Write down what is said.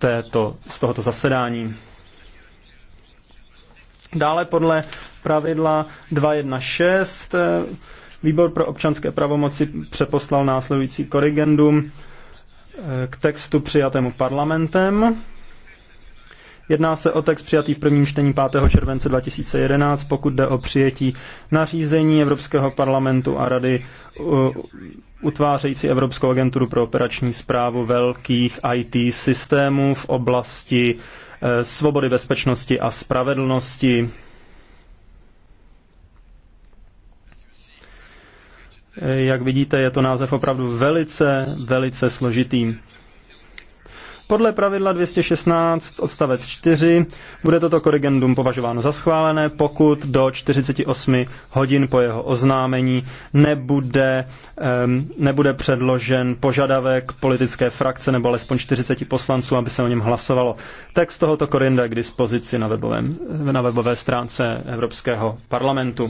této, z tohoto zasedání. Dále podle pravidla 216 eh, výbor pro občanské pravomoci přeposlal následující korigendum eh, k textu přijatému parlamentem. Jedná se o text přijatý v prvním čtení 5. července 2011, pokud jde o přijetí nařízení Evropského parlamentu a rady uh, utvářející Evropskou agenturu pro operační zprávu velkých IT systémů v oblasti eh, svobody, bezpečnosti a spravedlnosti. Eh, jak vidíte, je to název opravdu velice, velice složitý. Podle pravidla 216 odstavec 4 bude toto korrigendum považováno za schválené, pokud do 48 hodin po jeho oznámení nebude, um, nebude předložen požadavek politické frakce nebo alespoň 40 poslanců, aby se o něm hlasovalo. Text tohoto korinda je k dispozici na, webovém, na webové stránce Evropského parlamentu.